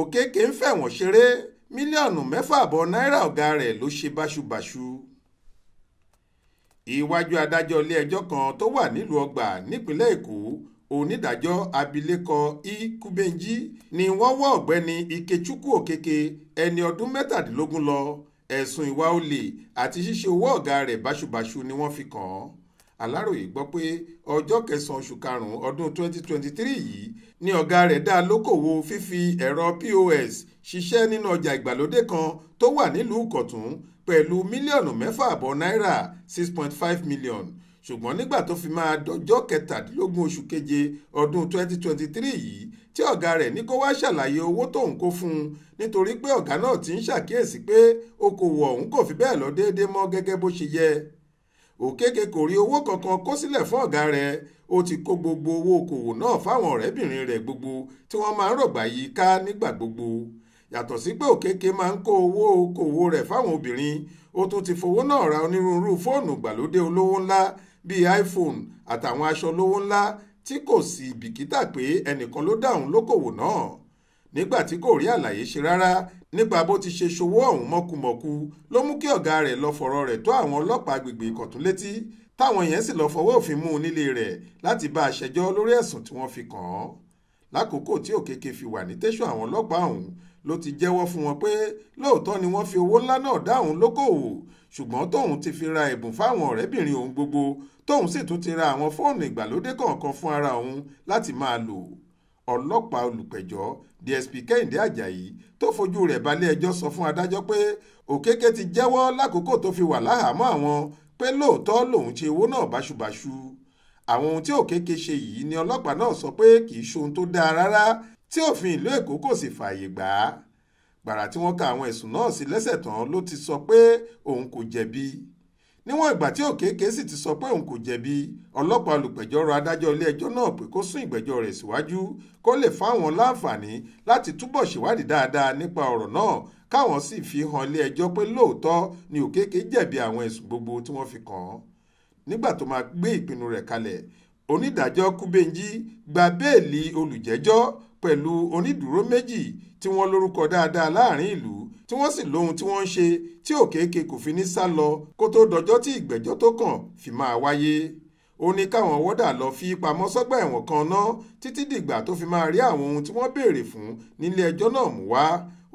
òkèkè ń fẹ̀wọ̀n ṣeré mílíọ̀nù mẹ́fà àbọ̀ náírà ọ̀gá rẹ̀ ló ṣe báṣubàṣu iwájú adájọ́ ilé-ẹjọ́ kan tó wà nílùú ọgbà nípínlẹ̀ èkó onídàájọ́ abilékọ i kúbẹ́njí ni wọ́n wọ́ ọ̀gbẹ́ni ikechukwu òkèkè ẹni ọdún mẹ́tàdínlógún lọ ẹ̀sùn ìwà olè àti ṣíṣe owó ọ̀gá rẹ̀ báṣubàṣu ni wọ́n fi kàn án aláròye gbọ́ pé ọjọ́ kẹsàn-án oṣù karùn-ún ọdún 2023 yìí ni ọ̀gá rẹ̀ dá lókòwò fífi ẹ̀rọ pos ṣiṣẹ́ nínú ọjà ìgbàlódé kan tó wà nílùú ìkọ̀tún pẹ̀lú mílíọ̀nù mẹ́fà àbọ̀ náírà 6.5 million ṣùgbọ́n nígbà tó fi máa dọjọ́ kẹtàdínlógún oṣù keje ọdún 2023 yìí tí ọ̀gá rẹ̀ ní kó wá ṣàlàyé owó tóun kó fún un nítorí pé ọ̀gá náà ti ń ṣàkíyèsí pé okòwò ọ̀hún kò fi bẹ́ẹ̀ lọ déédéé mọ́ gẹ́gẹ́ bó ṣe yẹ òkèké kò rí owó kankan kó sílẹ̀ fún ọ̀gá rẹ̀ ó ti kó gbogbo owó okòwò náà fáwọn ọ̀rẹ́bìnrin rẹ̀ gbogbo tí wọ́n máa ń rọ̀gbà yìí ká nígbà gbogbo yàtọ̀ sí pé òkèké máa ń kó owó okòwò rẹ̀ fáwọn obìnrin ó tún ti fowó náà ra onírúurú fóònù ìgbàlódé olówó ńlá bíi iphone àtàwọn aṣọ olówó ńlá tí kò sì bìkítà pé ẹnìkan ló dáhùn lókòwò náà nígbà tí kò rí àlàyé ṣe rárá nípa bó ti ṣe ṣòwò ọ̀hún mọ̀kùmọ̀kù ló mú kí ọ̀gá rẹ̀ lọ fọ̀rọ̀ rẹ̀ tó àwọn ọlọ́pàá agbègbè Ìkọ̀tún létí táwọn yẹn sì lọ fọwọ́ òfin mú un nílé rẹ̀ láti bá a ṣẹjọ́ lórí ẹ̀sùn tí wọ́n fi kàn án lákòókò tí Òkèkè fi wà ní tẹ̀sán àwọn ọlọ́pàá ọ̀hún ló ti jẹ́wọ́ fún wọn pé lóòótọ́ ni wọ́n fi owó ńlá náà dá òun lókòwò ṣùgbọ́n tóun ti fi ra ẹ̀bùn fáwọn ọ̀rẹ́bìnrin òun gbogbo tóun sì tún ti ra àwọn fóònù ìgbàlódé kọ̀ọ̀kan fún ara òun láti máa lò ọlọ́pàá olùpẹ̀jọ́ dsp kẹ́hìndé ajayi tó fojú rẹ̀ balẹ̀-ẹjọ́ sọ fún adájọ́ pé òkèké ti jẹ́wọ́ lákòókò tó fi wà láhàámọ́ àwọn pé lóòótọ́ lòun ṣe owó náà báṣubàṣu àwọn ohun tí òkèké ṣe yìí ni ọlọ́pàá náà sọ pé kì í ṣohun tó dáa rárá tí òfin ìlú èkó kò sì fààyè gbà á gbàrà tí wọ́n ka àwọn ẹ̀sùn náà sí lẹ́sẹ̀ tán ló ti sọ pé òun kò jẹ̀bi níwọ̀n ìgbà tí òkèké sì ti sọ pé òun kò jẹ̀bi ọlọ́pàá olùpẹ̀jọ́ rọ adájọ́ ilé-ẹjọ́ náà pé kó sún ìgbẹ́jọ́ rẹ̀ síwájú kó lè fáwọn láǹfààní láti túbọ̀ ṣèwádìí dáadáa nípa ọ̀rọ̀ náà káwọn sì fi hàn ilé-ẹjọ́ pé lóòótọ́ ni òkèké jẹ̀bi àwọn ẹ̀sùn gbogbo tí wọ́n fi kàn án nígbà tó máa gbé ìpinnu rẹ̀ kalẹ̀ onídàájọ́ kúbẹ́njí gba béèlì olùjẹ́jọ́ pẹ̀lú onídùúró méjì tí wọ́n lórúkọ dáadáa láàrin ìlú tí wọ́n sì lóhun tí wọ́n ń ṣe tí òkèèkè kò fi ní sá lọ kó tó dọjọ́ tí ìgbẹ́jọ́ tó kàn fi máa wáyé ó ní káwọn wọ́dà lọ fi pamọ́ sọ́gbà ẹ̀wọ̀n kan ná títí dìgbà tó fi máa rí àwọn ohun tí wọ́n béèrè fún nílé ẹjọ́ náà mú wá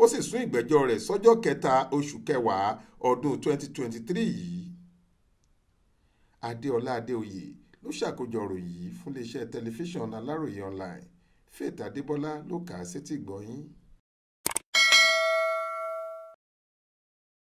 ó sì sún ìgbẹ́jọ́ rẹ̀ sọ́jọ́ kẹta oṣù kẹwàá ọdún 2023 yìí adéọlá adéoyè ló ṣàkójọ ọ̀rọ̀ yìí fún iléeṣẹ́ tẹlifíṣàn aláròye online faith adébọlá ló kà á sétí gbọ́yìn